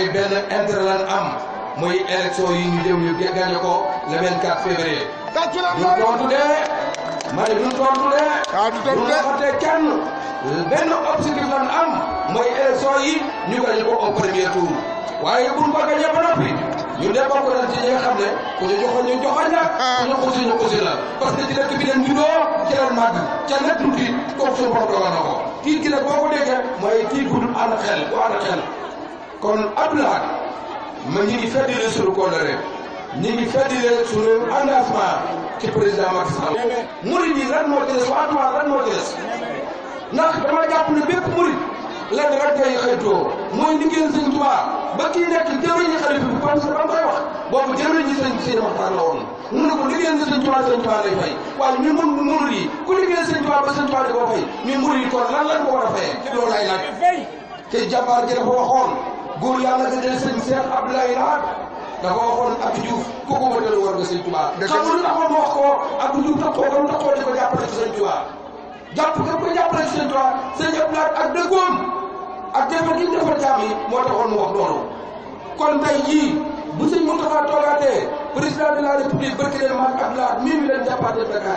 ay benn intérêt lan am muy élection yi ñu jëm ñu gagné ko le 24 février. du tontu de ma ne ah, du tontu de. waaw du tontu de bu fàtte kenn benn yi ñu gagné ko au premier ku ñu ah. que ci dëkk bi dañ mooy tiit bu dul xel bu ànd xel. kon ab laat ma ñu ngi feddile suñu kóllëre ñu ngi feddile suñu engagement ci président Macky Sall. murid yi lan moo ci des waa Touba lan moo ci des ndax dama jàpp ne bépp murid lenn rek ngay xëytoo mooy liggéeyal sëñ Touba ba kii nekk jëwriñu xalifa bi parce que ba mu koy wax boobu jëwriñu sëñ seen waxtaan la woon mun na ko liggéeyal nga sëñ Touba sëñ Touba lay fay waaye ñun mun murid yi ku liggéeyal sëñ ba sëñ Touba di ko fay ñun murid yi kon lan lan ko war a fayee loolu te jàmbaar ji góor yàlla nga jël sëñ Cheikh Abdoulaye Lahat dafa waxoon Abdou Diouf ku ko wëndeel war nga sëñ Touba. dëgg la xamul lu taxoon wax ko Abdou Diouf taxoo ko lu taxoo di ko ko jàppale ci sëñ Touba sëñ Abdoulaye Lahat ak dëggoom ak defar gi ñu defar jaam yi moo taxoon mu wax loolu. kon tey jii bu sëñ Moustapha toogaatee président de la république barki leen maag Abdoulaye Lahat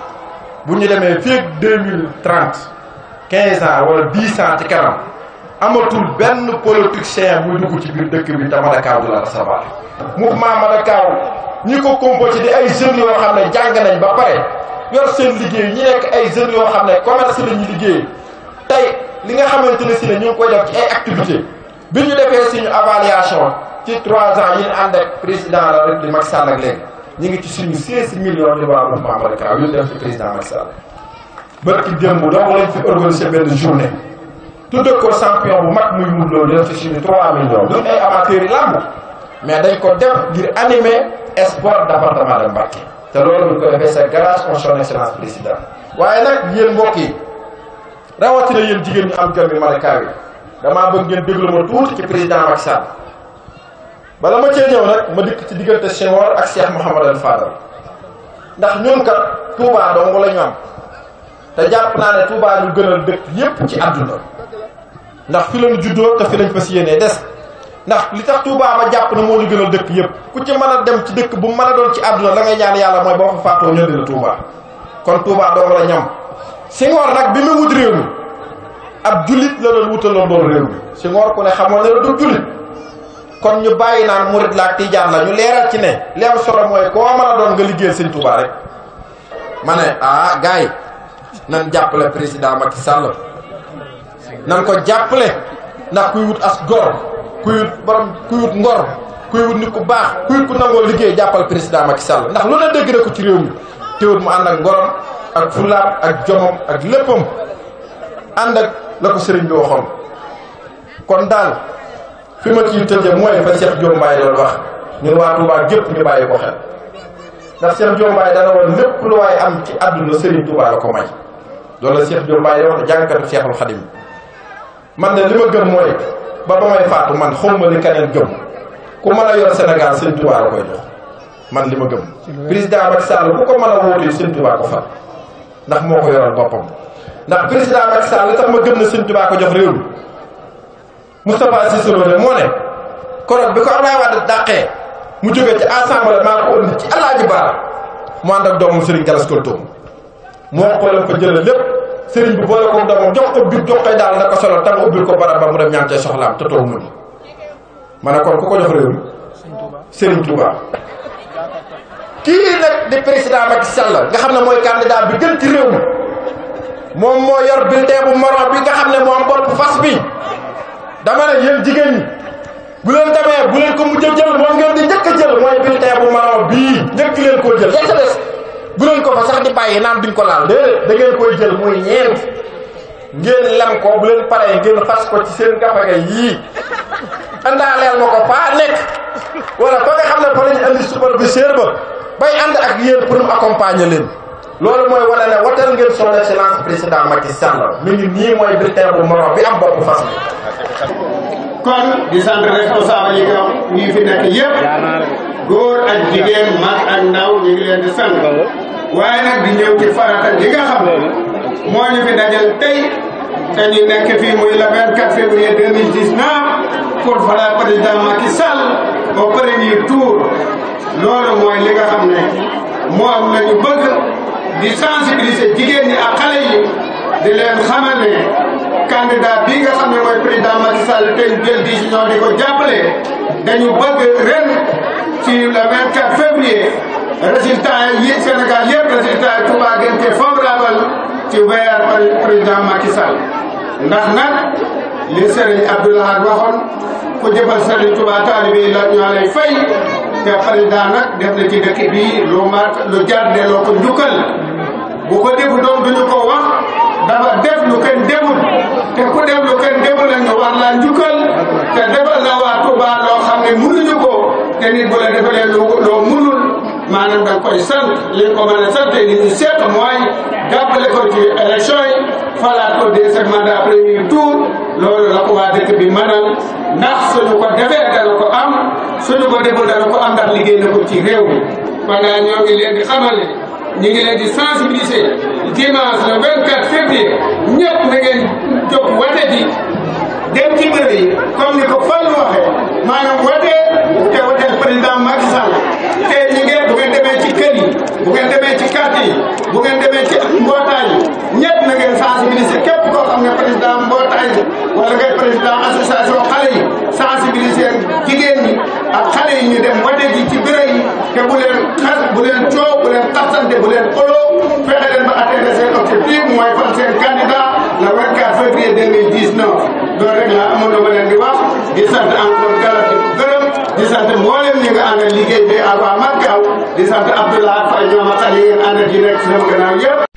bu ñu demee fii ak deux mille trente quinze ans wala dix ans ci kanam amatul benn politicien muy dugg ci biir dëkk bi te Madakaw du la recevoir. mouvement Madakaw ñi ko composé di ay jeunes yoo xam ne jàng nañ ba pare yor seen liggéey ñi nekk ay jeunes yoo xam ne commerce la ñu liggéey tey li nga xamante ne si ne ñu ngi koy ci ay activités bi ñu defee suñu évaluation ci trois ans yi ñu ànd ak président la République Macky Sall ak léegi. ñu ngi ci suñu 16 millions de membres Mamadou yu ci président Macky Sall. barki démb donc lañ fi organisé benn journée. tudde ko bu mag muy Modou Lo di def ci suñu 3 millions. ñun ay amateurs yi dañ ko def ngir animer sport département de Mbacké. te loolu bu ñu ko defee sa grâce à son excellence président. waaye nag yéen mbokk rawatina yéen jigéen ñi am jom bi Malika bi damaa bëgg ngeen déglu ma tuuti ci président Macky Sall. bala ma cee ñëw nag ma dikk ci diggante Senghor ak Cheikh Mouhamadou Fadal ndax ñun kat Touba dong la ñu te jàpp naa ne Touba ñu gënal dëkk yépp ci àdduna ndax fi lañu juddoo te fi lañ fas yéenee des ndax li tax Touba ma jàpp na moo ñu gënal dëkk yépp ku ci mën a dem ci dëkk bu mën a doon ci àdduna la ngay ñaan yàlla mooy boo fa faatoo ñëndi la Touba kon Touba dong la ñam Senghor nag bi mu wut réew mi ab jullit la doon wutaloon doon réew mi Senghor kon ñu bàyyi naan murid la ak tijaan la ñu leeral ci ne li am koo mën a nga liggéey sëñ Touba rek ma ne ah gars yi nan jàppale président Macky Sall nan ko jàppale ndax kuy wut as góor kuy wut borom kuy wut ngor kuy wut nit ku baax kuy ku nangoo liggéey jàppal président Macky Sall ndax lu ne dégg na ko ci réew mi teewut mu ànd ak ngorom ak fulaam ak jomom ak léppam ànd la ko sëriñ bi waxoon kon daal. fi ma ciy tëje mooy fa Cheikh Diop doon wax ñun waa Touba ñu bàyyi ko xel ndax Cheikh Diop Mbaye dana lépp lu waaye am ci àdduna Serigne Touba la ko may loolu la Cheikh Diop Mbaye wax jàngkatu Cheikhul Khadim man de li ma gëm mooy ba ba may faatu man xawma li gëm ku mën a yor Sénégal Serigne Touba la jox man li ma gëm président Macky Sall bu ko mën a wóotu Serigne Touba ko fal ndax moo ko yoral boppam ndax président Macky Sall li tax ma gëm na Serigne Moustapha Cissé Lô moo ne koroog bi ko Ablaye Wade dàqee mu jógee ci assemblée maa ko indi ci Alaaji Baara mu ànd ak doomu Serigne Gallas Koltoom mu wax ko leen ko jëlee lépp Serigne bi boole ko doomam jox ko biir jox koy daal na ko solo tam ubbil ko barab ba mu dem ñaan cay soxlaam te toog mu ni ma ne kon ku ko jox réew mi Serigne Touba. kii nag di président Macky Sall nga xam ne mooy candidat bi gën ci réew mi moom moo yor bulletin bu bi nga xam dama ne yéen jigéen ñi bu leen demee bu leen ko mujj a jël moom ngeen di njëkk a jël mooy bulletin bu marron bii njëkk leen koo jël yegg des bu leen ko fa sax di bàyyi naan duñ ko laal déedéet da ngeen koy jël muy ngeen lem ko bu leen paree ngeen fas ko ci seen gafaga yii andaaleel ma ko faa nekk wala ba nga xam ne fa lañu andi superviseur ba bay ànd ak yéen pour mu accompagner leen loolu mooy wane ne watal ngeen son excellence président ma Sall mi ngi nii mooy bulletin bu marron bi am bopp kon di sant responsable yi nga ñi fi nekk yëpp góor ak jigéen mag ak ndaw ñu ngi leen di sant waaye nag di ñëw ci farata li nga xam moo ñu fi dajal tey te ñu nekk fii muy le 24 février 2019 pour faral président Macky Sall au premier tour loolu mooy li nga moo am nañu bëgg di sensibiliser jigéen ñi ak yi di leen xamal ne candidat bii nga xam ne mooy président Macky Sall tey jël décision di ko jàppale dañu bëgg ren ci le 24 février résultat yi Sénégal yëpp résultat yi Touba gën la ñoo lay fay te président nag def na ci dëkk bi lu mat lu jar delloo ko njukkal bu ko defu doon duñu ko wax dafa def lu kenn deful te ku def lu kenn deful la ñu war laa njukkal te defal la waa Touba loo xam ne mënuñu ko te nit bu la defalee loo mënul maanaam da koy sant li ko mën a sant li ñu mooy jàppale ko ci élection yi falaat ko deuxième mandat premier tour loolu la ko waa dëkk bi mënal ndax suñu ko defee dana ko am suñu ko deful dana ko am ndax liggéey na ko ci réew mi kon daal ñoo di xamal ñu ngi leen di sensibiliser dimanche le 24 février ñëpp na ngeen jóg wate ji dem ci bërëb yi comme ni ko Fallou waxee maanaam wate te wateel président Macky Sall te ñu ngeen bu ngeen demee ci kër yi bu ngeen demee ci quartier bu ngeen demee ci mbootaay yi ñëpp na ngeen sensibiliser képp koo xam ne président mbootaay yi wala ngay président association xale yi ñi dem wate ji ci bërëb yi te bu leen xas bu 24 février 2019 loolu rek laa leen di wax di sant encore Gallas di ko gërëm di sant mboolem ñi nga àndal liggéey bi ak waa Madiaw di sant Abdoulaye Faye ñoom ak Aliou ngeen àndal di nekk sama gannaaw yëpp.